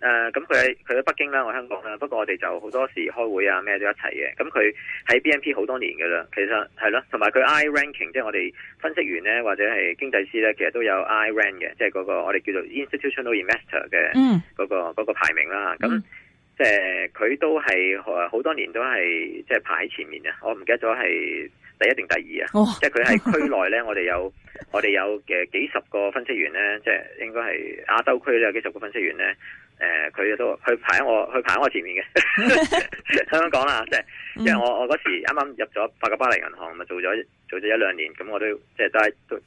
誒，咁佢喺佢喺北京啦，我香港啦，不過我哋就好多時開會啊咩都一齊嘅。咁佢喺 BNP 好多年噶啦，其實係咯，同埋佢 I ranking 即係我哋分析員咧或者係經濟師咧，其實都有 I rank 嘅，即係嗰個我哋叫做 institutional investor 嘅嗰、嗰個嗰、嗯、個排名啦。咁即係佢都係好多年都係即係排喺前面啊！我唔記得咗係第一定第二啊！即係佢係區內咧，我哋有我哋有嘅幾十個分析員咧，即係應該係亞洲區都有幾十個分析員咧。就是誒佢、呃、都佢排喺我佢排喺我前面嘅，香港啦，即係因為我我嗰時啱啱入咗法國巴黎銀行，咪做咗做咗一兩年，咁我都即係都係都，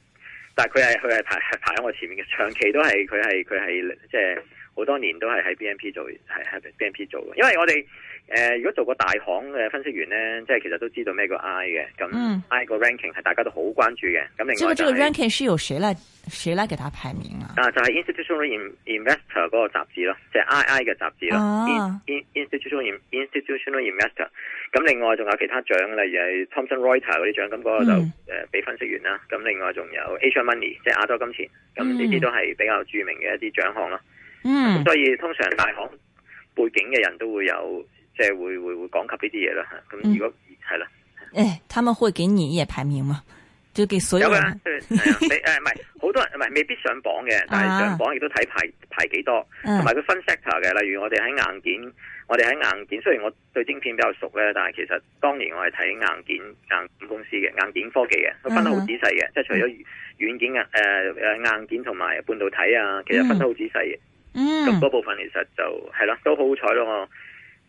但係佢係佢係排排喺我前面嘅，長期都係佢係佢係即係。佢係佢係即係好多年都係喺 BNP 做，係喺 BNP 做嘅。因為我哋誒、呃，如果做過大行嘅分析員咧，即係其實都知道咩叫 I 嘅。咁、嗯、I 個 ranking 係大家都好關注嘅。咁另外、就是，即係、這個這個 ranking 是由誰來誰來給他排名啊？啊，就係、是、institutional investor 嗰個雜誌咯，即、就、係、是、II 嘅雜誌咯。啊、in, in institutional institutional investor 咁，另外仲有其他獎，例如係 Thompson Reuters 嗰啲獎，咁、那、嗰個就誒俾、嗯呃、分析員啦。咁另外仲有 Asian Money，即係亞洲金錢，咁呢啲都係比較著名嘅一啲獎項咯。嗯，咁所以通常大行背景嘅人都會有，即、就、係、是、會會會講及呢啲嘢啦。咁如果係啦，誒，他們會給你也排名嗎？就給所有人有嘅、啊 哎，未誒唔係，好、哎、多人唔係未必上榜嘅，但係上榜亦都睇排、啊、排幾多，同埋佢分 sector 嘅。例如我哋喺硬件，我哋喺硬件，雖然我對晶片比較熟咧，但係其實當年我係睇硬件硬件公司嘅硬件科技嘅，佢分得好仔細嘅。啊、哈即係除咗軟件啊，誒、呃、誒硬件同埋半導體啊，其實分得好仔細嘅。嗯。咁嗰、嗯、部分其實就係咯，都好彩咯，我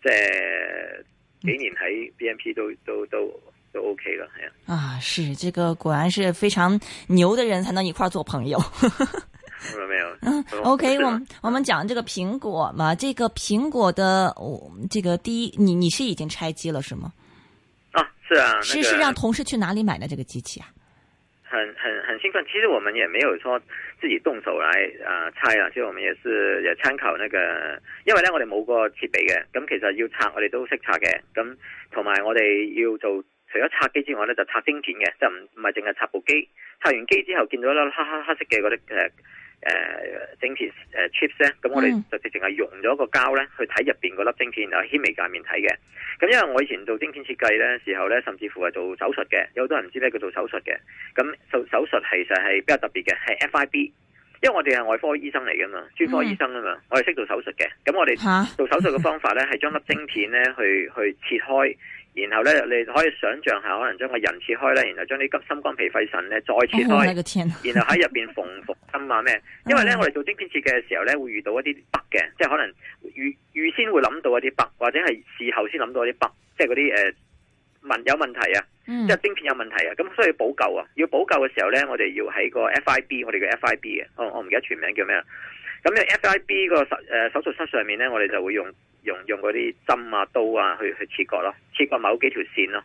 即、呃、係幾年喺 B N P 都都都都 O K 啦，係啊。啊，是，這個果然是非常牛的人才能一塊做朋友。明 白，沒有。O K，我我們講這個蘋果嘛，這個蘋果的我、哦，這個第一，你你是已經拆機了是嗎？啊，是啊。那個、是是讓同事去哪裏買的這個機器啊？很很很興奮，其實我們也沒有說自己動手來啊拆啊，其實我們也是也參考那個，因為呢我哋冇個設備嘅，咁、嗯、其實要拆我哋都識拆嘅，咁同埋我哋要做除咗拆機之外呢，就拆晶片嘅，即係唔唔係淨係拆部機，拆完機之後見到一粒黑黑黑色嘅嗰啲誒、呃，晶片誒 chips 咧，咁、呃、我哋就直淨係用咗個膠咧去睇入邊嗰粒晶片，就顯、mm hmm. 微界面睇嘅。咁因為我以前做晶片設計咧時候咧，甚至乎係做手術嘅，有好多人唔知咩叫做手術嘅。咁手手術其實係比較特別嘅，係 FIB，因為我哋係外科醫生嚟噶嘛，mm hmm. 專科醫生啊嘛，我哋識做手術嘅。咁我哋做手術嘅方法咧，係將粒晶片咧去去切開。然後咧，你可以想象下，可能將個人切開咧，然後將啲心、肝、脾、肺、腎咧再切開，然後喺入邊縫縫針啊咩？因為咧，嗯、我哋做晶片設計嘅時候咧，會遇到一啲 bug 嘅，即係可能預預先會諗到一啲 bug，或者係事後先諗到一啲 bug，即係嗰啲誒問有問題啊，嗯、即係晶片有問題啊，咁所以要補救啊。要補救嘅時候咧，我哋要喺個 FIB，我哋嘅 FIB 嘅，我我唔記得全名叫咩啊？咁 f i b 個手誒手術室上面咧，我哋就會用用用嗰啲針啊刀啊去去切割咯，切割某幾條線咯。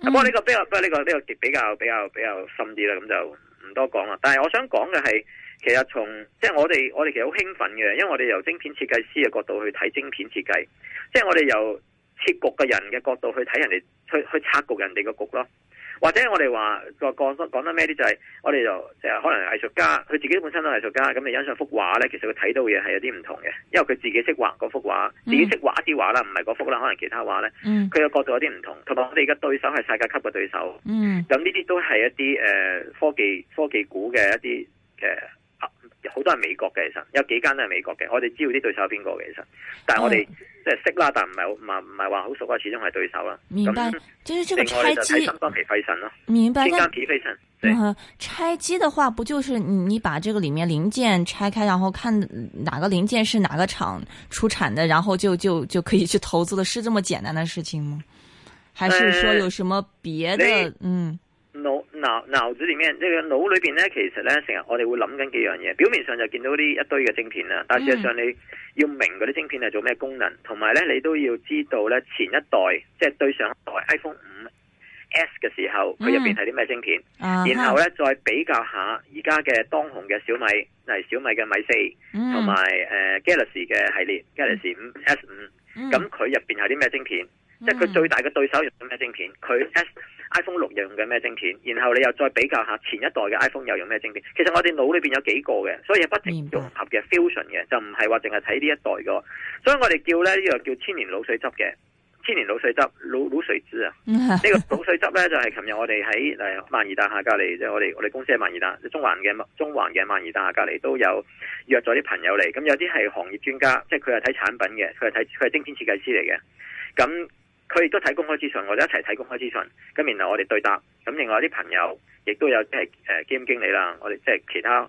不過呢個比較不過呢個呢個比較比較比較深啲啦，咁就唔多講啦。但係我想講嘅係，其實從即係我哋我哋其實好興奮嘅，因為我哋由晶片設計師嘅角度去睇晶片設計，即係我哋由切局嘅人嘅角度去睇人哋去去拆局人哋個局咯。或者我哋話個講得講得咩啲就係，我哋就即係可能藝術家，佢自己本身都藝術家，咁你欣賞幅畫咧，其實佢睇到嘅嘢係有啲唔同嘅，因為佢自己識畫嗰幅畫，自己識畫啲畫啦，唔係嗰幅啦，可能其他畫咧，佢嘅、嗯、角度有啲唔同，同埋我哋而家對手係世界級嘅對手，咁呢啲都係一啲誒、呃、科技科技股嘅一啲嘅。呃好多係美國嘅，其實有幾間都係美國嘅。我哋知道啲對手係邊個嘅其實，但係我哋即係識啦，但唔係唔唔係話好熟啊，嗯、始終係對手啦，明白，就是這個拆機，肝脾費神咯。明白，肝脾費神。對、呃、拆機的話，不就是你你把這個裏面零件拆開，然後看哪個零件是哪個廠出產的，然後就就就可以去投資了？是這麼簡單的事情嗎？還是說有什麼別的？呃、嗯？腦腦腦，即係點樣？No, now, now man, 即係腦裏邊咧，其實咧，成日我哋會諗緊幾樣嘢。表面上就見到啲一堆嘅晶片啦，但事實上你要明嗰啲晶片係做咩功能，同埋咧你都要知道咧前一代，即係對上一代 iPhone 五 S 嘅時候，佢入邊係啲咩晶片，嗯、然後咧再比較下而家嘅當紅嘅小米，例如小米嘅米四、嗯，同埋誒 Galaxy 嘅系列、嗯、Galaxy 五 S 五、嗯，咁佢入邊係啲咩晶片？即係佢最大嘅對手用咗咩晶片？佢 S iPhone 六用嘅咩晶片？然後你又再比較一下前一代嘅 iPhone 又用咩晶片？其實我哋腦裏邊有幾個嘅，所以係不停融合嘅 fusion 嘅，就唔係話淨係睇呢一代嘅。所以我哋叫咧呢、這個叫千年老水汁嘅，千年老水汁老老水汁啊！呢 個老水汁呢，就係琴日我哋喺誒萬怡大廈隔離，即係我哋我哋公司喺萬宜大，萬宜大中的，中環嘅中環嘅萬宜大廈隔離都有約咗啲朋友嚟。咁有啲係行業專家，即係佢係睇產品嘅，佢係睇佢係晶片設計師嚟嘅。咁佢亦都睇公開資訊，我哋一齊睇公開資訊，咁然後我哋對答。咁另外啲朋友亦都有即係誒基金經理啦，我哋即係其他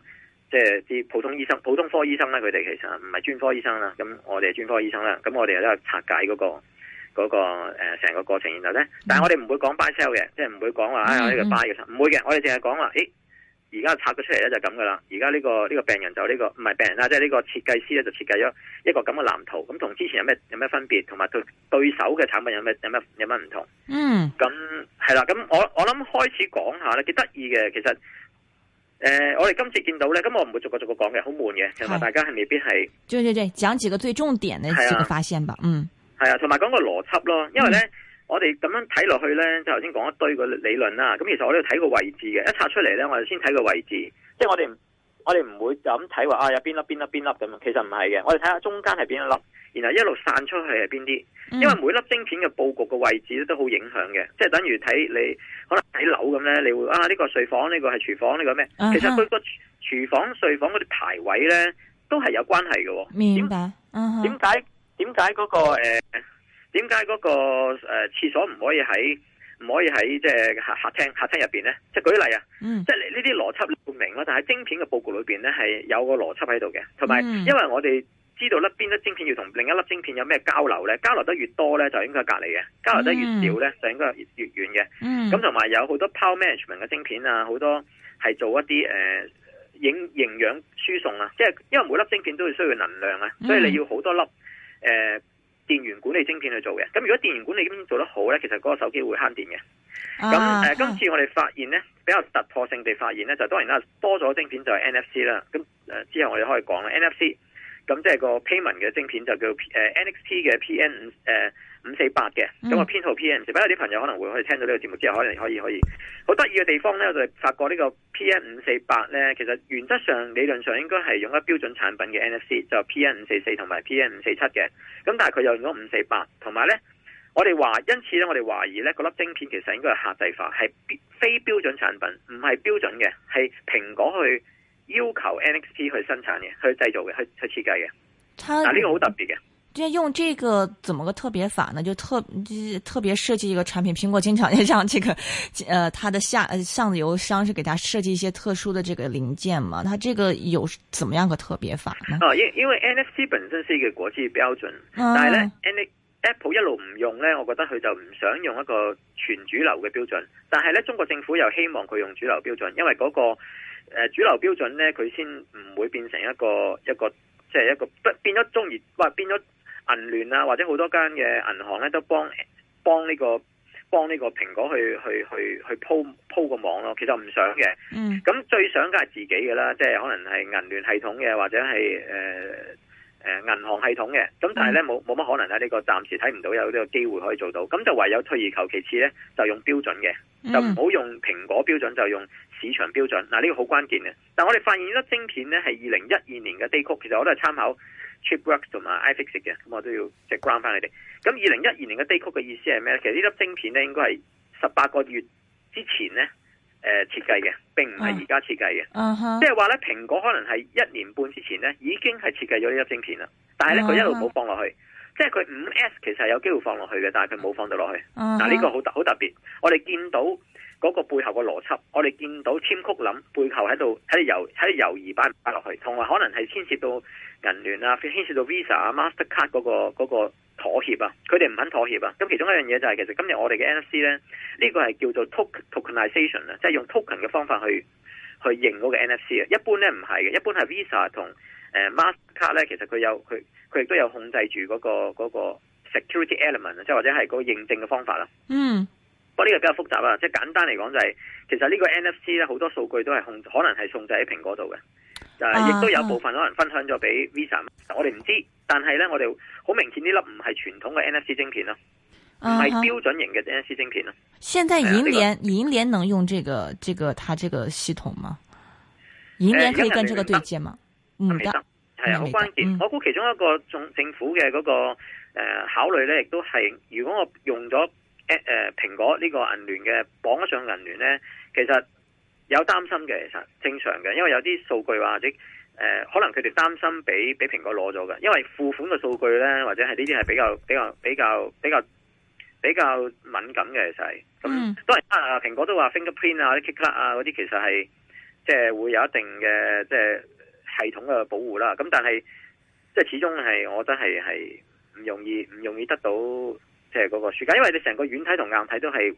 即係啲普通醫生、普通科醫生咧，佢哋其實唔係專科醫生啦。咁我哋係專科醫生啦。咁我哋都有拆解嗰個嗰個誒成個過程。然後咧，但係我哋唔會講 buy sell 嘅，即係唔會講話啊呢個 buy 嘅，唔會嘅。我哋淨係講話誒。咦而家拆咗出嚟咧就咁噶啦，而家呢個呢個病人就呢個唔係病人啦，即係呢個設計師咧就設計咗一個咁嘅藍圖，咁同之前有咩有咩分別，同埋對對手嘅產品有咩有咩有咩唔同？嗯，咁係啦，咁我我諗開始講下咧，幾得意嘅，其實誒，我哋今次見到咧，咁我唔會逐個逐個講嘅，好悶嘅，就係大家係未必係。對對對，講幾個最重點嘅幾個發現吧，嗯，係啊，同埋講個邏輯咯，因為咧。嗯我哋咁樣睇落去呢，就頭先講一堆個理論啦。咁其實我哋要睇個位置嘅，一拆出嚟呢，我哋先睇個位置。即係我哋我哋唔會就咁睇話啊，有邊粒邊粒邊粒咁啊。其實唔係嘅，我哋睇下中間係邊一粒，然後一路散出去係邊啲。因為每粒晶片嘅布局嘅位置都好影響嘅。即係等於睇你可能睇樓咁呢，你會啊呢個睡房，呢個係廚房，呢個咩？Uh huh. 其實佢個廚房、睡房嗰啲排位呢，都係有關係嘅。明白？uh huh. 點解？點解？點解嗰個誒？點解嗰個誒廁、呃、所唔可以喺唔可以喺即係客廳客廳客廳入邊咧？即係舉例啊，嗯、即係呢啲邏輯明咯。但係晶片嘅布局裏邊咧係有個邏輯喺度嘅，同埋因為我哋知道粒邊粒晶片要同另一粒晶片有咩交流咧，交流得越多咧就應該係隔籬嘅，交流得越少咧就應該係越遠嘅。咁同埋有好多 power management 嘅晶片啊，好多係做一啲誒營營養輸送啊，即係因為每粒晶片都要需要能量啊，所以你要好多粒誒。呃電源管理晶片去做嘅，咁如果電源管理晶片做得好呢，其實嗰個手機會慳電嘅。咁、啊呃、今次我哋發現呢，比較突破性地發現呢，就當然啦，多咗晶片就係 NFC 啦。咁、呃、之後我哋可以講啦，NFC，咁即係個 payment 嘅晶片就叫、呃、NXT 嘅 PN 誒、呃。五四八嘅，咁個編號 P N C，不過有啲朋友可能會聽到呢個節目之後，可能可以可以好得意嘅地方呢，我就發覺呢個 P N 五四八呢，其實原則上理論上應該係用一標準產品嘅 N F C，就係 P N 五四四同埋 P N 五四七嘅，咁但係佢又用咗五四八，同埋呢，我哋話因此呢，我哋懷疑呢嗰粒晶片其實應該係客製化，係非標準產品，唔係標準嘅，係蘋果去要求 N X P 去生產嘅，去製造嘅，去去設計嘅。嗱呢差點 個好特別嘅。用這個怎麼個特別法呢？就特，特別設計一個產品。蘋果經常讓這個，呃，它的下，上游商是給大家設計一些特殊的這個零件嘛。它這個有怎麼樣個特別法呢？啊、因為 NFC 本身是一個國際標準，但係、啊、Apple 一路唔用呢，我覺得佢就唔想用一個全主流嘅標準。但係呢，中國政府又希望佢用主流標準，因為嗰、那個誒、呃、主流標準呢，佢先唔會變成一個一個即係一個變咗中而、呃、變咗。銀聯啊，或者好多間嘅銀行咧，都幫幫呢個幫呢個蘋果去去去去鋪鋪個網咯。其實唔想嘅，咁、嗯、最想梗係自己嘅啦。即係可能係銀聯系統嘅，或者係誒誒銀行系統嘅。咁但係咧冇冇乜可能咧？呢、這個暫時睇唔到有呢個機會可以做到。咁就唯有退而求其次咧，就用標準嘅，就唔好用蘋果標準，就用市場標準。嗱、啊、呢、這個好關鍵嘅。但係我哋發現粒晶片咧係二零一二年嘅 day code，其實我都係參考。t r i p w o r k s 同埋 i f i x i 嘅，咁我都要即係 ground 翻佢哋。咁二零一二年嘅 Day 低谷嘅意思係咩咧？其實呢粒晶片咧，應該係十八個月之前咧，誒設計嘅，並唔係而家設計嘅。即係話咧，蘋、huh. 果可能係一年半之前咧，已經係設計咗呢粒晶片啦。但係咧，佢、uh huh. 一路冇放落去。即係佢五 S 其實係有機會放落去嘅，但係佢冇放到落去。嗱、uh，呢、huh. 啊這個好特好特別。我哋見到。嗰個背後個邏輯，我哋見到簽曲諗背後喺度喺度猶喺度猶豫擺唔擺落去，同埋可能係牽涉到銀聯啊，牽涉到 Visa 啊 Mastercard，嗰個，Mastercard，嗰、嗰個妥協啊，佢哋唔肯妥協啊。咁其中一樣嘢就係、係、其實今日我哋嘅 NFC 咧，呢、呢個係叫做 token tokenization 啊，即係用 token 嘅方法去去認嗰個 NFC 啊。一般咧唔係嘅，一般係 Visa 同誒 Mastercard 咧，其實佢有佢佢亦都有控制住嗰、嗰個嗰個 security element 啊，即係或者係個認證嘅方法啦。嗯。不過呢個比較複雜啦，即係簡單嚟講就係、是，其實呢個 NFC 咧好多數據都係送，可能係送制喺蘋果度嘅，但係亦都有部分可能分享咗俾 Visa。我哋唔知，但係咧我哋好明顯呢粒唔係傳統嘅 NFC 晶片咯，唔係、啊、標準型嘅 NFC 晶片咯。現在銀聯，嗯這個、銀聯能用這個這個它這個系統嗎？銀聯可以跟這個對接嘛？嗎？咪、呃？係啊，好關鍵。嗯、我估其中一個從政府嘅嗰、那個誒、呃、考慮咧，亦都係如果我用咗。誒，蘋果呢個銀聯嘅綁上銀聯咧，其實有擔心嘅，其實正常嘅，因為有啲數據話即係誒，可能佢哋擔心俾俾蘋果攞咗嘅，因為付款嘅數據咧或者係呢啲係比較比較比較比較比較敏感嘅，其實咁當然，啊，蘋果都話 fingerprint 啊，啲 click 啊嗰啲，其實係即係會有一定嘅即係系統嘅保護啦。咁但係即係始終係，我覺得係係唔容易唔容易得到。即係個暑假，因為你成個軟體同硬體都係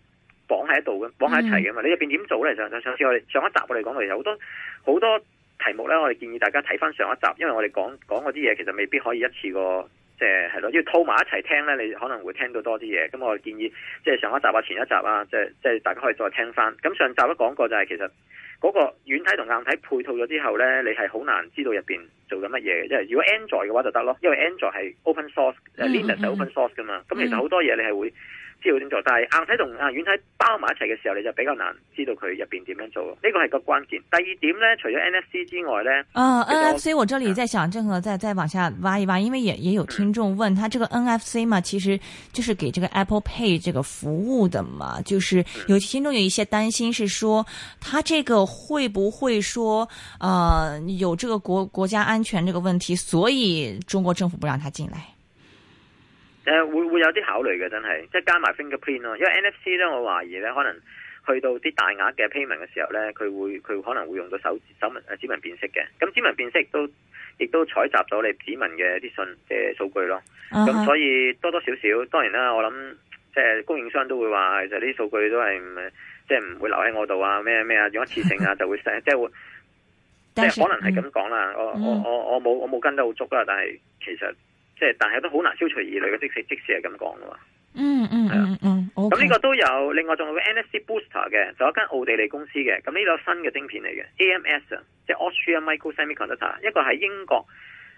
綁喺度嘅，綁喺一齊嘅嘛。你入邊點做咧？上次我哋上一集我哋講到有好多好多題目咧。我哋建議大家睇翻上一集，因為我哋講講嗰啲嘢，其實未必可以一次過即係係咯，要套埋一齊聽咧，你可能會聽到多啲嘢。咁我哋建議即係、就是、上一集啊，前一集啊，即係即係大家可以再聽翻。咁上集都講過就係其實。嗰個軟體同硬體配套咗之後咧，你係好難知道入邊做緊乜嘢。因為如果 Android 嘅話就得咯，因為 Android 係 open source，Linux 係 open source 噶、mm hmm. uh, 嘛。咁其實好多嘢你係會，知道點做，但係硬體同啊軟體包埋一齊嘅時候，你就比較難知道佢入邊點樣做。呢、這個係個關鍵。第二點呢，除咗 NFC 之外呢哦、uh, NFC 我這裏在想，正好再再往下挖一挖，因為也也有聽眾問、嗯、他，這個 NFC 嘛，其實就是給這個 Apple Pay 這個服務的嘛，就是有、嗯、聽眾有一些擔心，是說他這個會不會說，呃，有這個國國家安全這個問題，所以中國政府不讓他進來。誒，會會有啲考慮嘅，真係，即係加埋 fingerprint 咯，因為 NFC 咧，我懷疑咧，可能去到啲大額嘅 payment 嘅時候咧，佢會佢可能會用到手指手指紋辨識嘅，咁指紋辨識都亦都採集咗你指紋嘅啲信嘅係數據咯，咁、uh huh. 所以多多少少，當然啦，我諗即係供應商都會話，其實啲數據都係唔即係唔會留喺我度啊，咩咩啊，用一次性啊，就會即係會，會，但係可能係咁講啦，我我我我冇我冇跟得好足啊，但係其實。即係，但係都好難消除疑類嘅，即使即使係咁講噶嘛。嗯的嗯嗯咁呢、嗯、個都有，嗯、另外仲有一個 NFC Booster 嘅，就一間奧地利公司嘅。咁呢粒新嘅晶片嚟嘅，AMS，即係 Austria Micro Semiconductor，一個喺英國。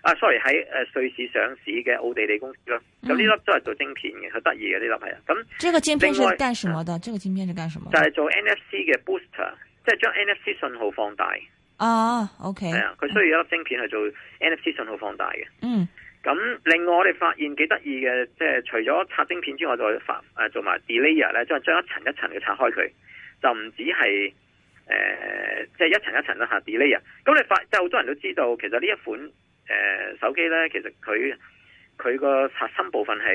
啊，sorry，喺誒瑞士上市嘅奧地利公司咯。咁呢粒都係做晶片嘅，佢得意嘅呢粒係。咁，這個晶片是幹什麼的？這個晶片是幹什麼？就係、是、做 NFC 嘅 Booster，即係將 NFC 信號放大。哦，OK。係啊，佢、okay, 的嗯、需要一粒晶片去做 NFC 信號放大嘅。嗯。咁另外我哋發現幾得意嘅，即係除咗拆晶片之外，再發誒做埋 delayer 咧，即係將一層一層嘅拆開佢，就唔止係誒即係一層一層啦吓 delayer。咁你發即係好多人都知道，其實呢一款誒、呃、手機咧，其實佢佢個核心部分係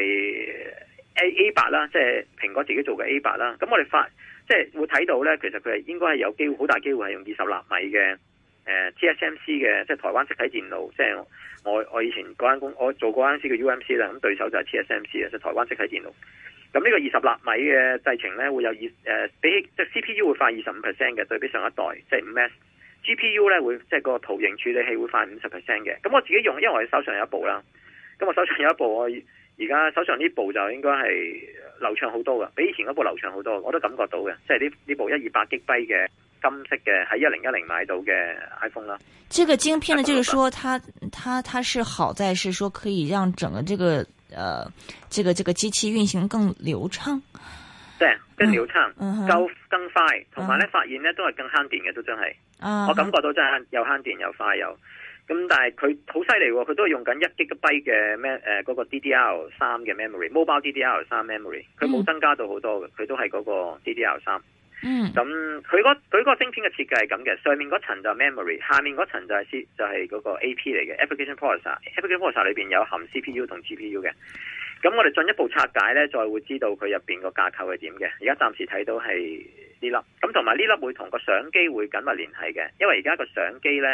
A A 八啦，即係蘋果自己做嘅 A 八啦。咁我哋發即係會睇到咧，其實佢係應該係有機會好大機會係用二十納米嘅。誒、呃，TSMC 嘅即係台灣積體電路，即、就、係、是、我我以前嗰間公，我做嗰間公司嘅 UMC 啦，咁對手就係 TSMC 嘅，即係台灣積體電路。咁呢個二十納米嘅製程咧，會有二誒、呃、比即係、就是、CPU 會快二十五 percent 嘅，對比上一代即係、就、五、是、S，GPU 咧會即係、就是、個圖形處理器會快五十 percent 嘅。咁我自己用，因為我手上有一部啦，咁我手上有一部，我而家手上呢部就應該係流暢好多噶，比以前嗰部流暢好多，我都感覺到嘅。即係呢呢部一二八 G B 嘅。金色嘅喺一零一零買到嘅 iPhone 啦，這個晶片呢，就係說，它它它是好在是說，可以讓整個這個，呃，這個這個機器運行更流暢，對，更流暢，夠、嗯、更快，同埋咧，發現咧都係更慳電嘅，都真係，嗯、我感覺到真係慳又慳電又快又，咁但係佢好犀利，佢都係用緊一吉個 byte 嘅咩，誒，嗰個 DDR 三嘅 memory，Mobile DDR 三 memory，佢冇增加到好多嘅，佢、嗯、都係嗰個 DDR 三。嗯，咁佢、嗰個佢個晶片嘅設計係咁嘅，上面嗰層就 memory，下面嗰層就係、是、就係、是、嗰個 A.P 嚟嘅、mm. application processor，application processor 裏邊有含 C.P.U 同 G.P.U 嘅。咁我哋進一步拆解呢，再會知道佢入邊個架構係點嘅。而家暫時睇到係呢粒，咁同埋呢粒會同個相機會緊密聯繫嘅，因為而家個相機呢，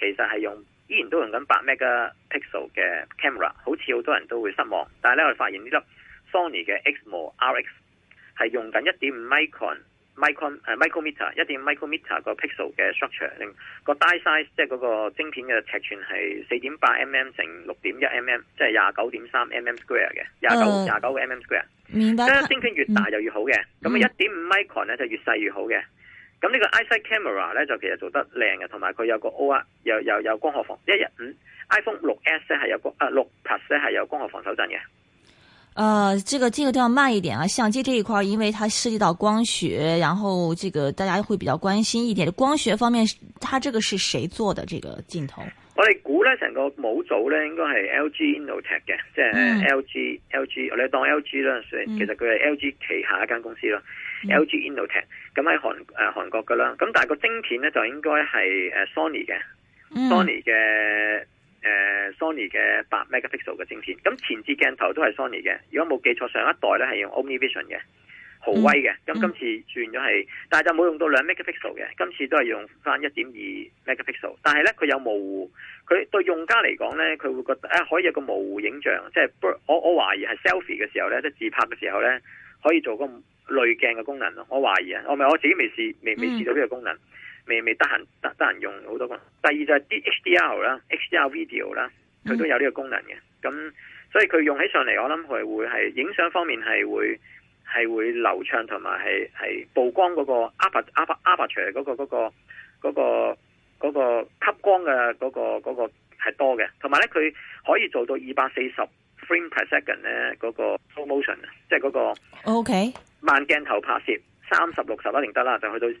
其實係用依然都用緊八 mega pixel 嘅 camera，好似好多人都會失望，但係呢，我哋發現呢粒 Sony 嘅 X 模 RX 係用緊一點五 micron。micron，誒 micro meter 一點 micro meter 個 pixel 嘅 structure，另外個 die size 即係嗰個晶片嘅尺寸係四點八 mm 乘六點一 mm，即係廿九點三 mm square 嘅，廿九廿九個 mm square。明白。即係晶片越大就越好嘅，咁啊一點五 micron 咧就越細越好嘅。咁呢個 iSight camera 咧就其實做得靚嘅，同埋佢有個 OR，又又又有光學防一日五 iPhone 六 S 咧係有光啊，六 Plus 咧係有光學防手震嘅。呃，這個這個都要慢一點啊！相機這一塊，因為它涉及到光學，然後這個大家會比較關心一點。光學方面，它這個是誰做的？這個鏡頭我哋估呢，成個模組呢應該係 LG Innotek 嘅，即係 LG、嗯、LG 我哋當 LG 啦、嗯、所以其實佢係 LG 旗下一間公司咯。LG Innotek 咁喺韓韓國㗎啦，咁、嗯 no 呃、但係個晶片呢，就應該係、嗯、Sony 嘅，Sony 嘅。誒、uh，Sony 嘅八 megapixel 嘅正片，咁前置鏡頭都係 Sony 嘅。如果冇記錯，上一代咧係用 Omnivision 嘅，豪威嘅。咁今次轉咗係，但係就冇用到兩 megapixel 嘅，今次都係用翻一點二 megapixel。但係咧，佢有模糊，佢對用家嚟講咧，佢會覺得誒、哎、可以有一個模糊影像，即係我我懷疑係 selfie 嘅時候咧，即、就、係、是、自拍嘅時候咧，可以做個濾鏡嘅功能咯。我懷疑啊，我咪我自己未試，未未試到呢個功能。Mm hmm. 未未得閒得得閒用好多個，第二就係啲 HDR 啦，HDR video 啦，佢都有呢個功能嘅。咁所以佢用起上嚟，我諗佢會係影相方面係會係會流暢同埋係係曝光嗰、那個 aperture aperture 嗰個嗰、那個嗰、那個、那個、那個那個那個、吸光嘅嗰、那個嗰、那個係多嘅，同埋咧佢可以做到二百四十 frame per second 咧嗰個 slow motion，即係嗰個 OK 慢鏡頭拍攝三十六十一定得啦，就去到。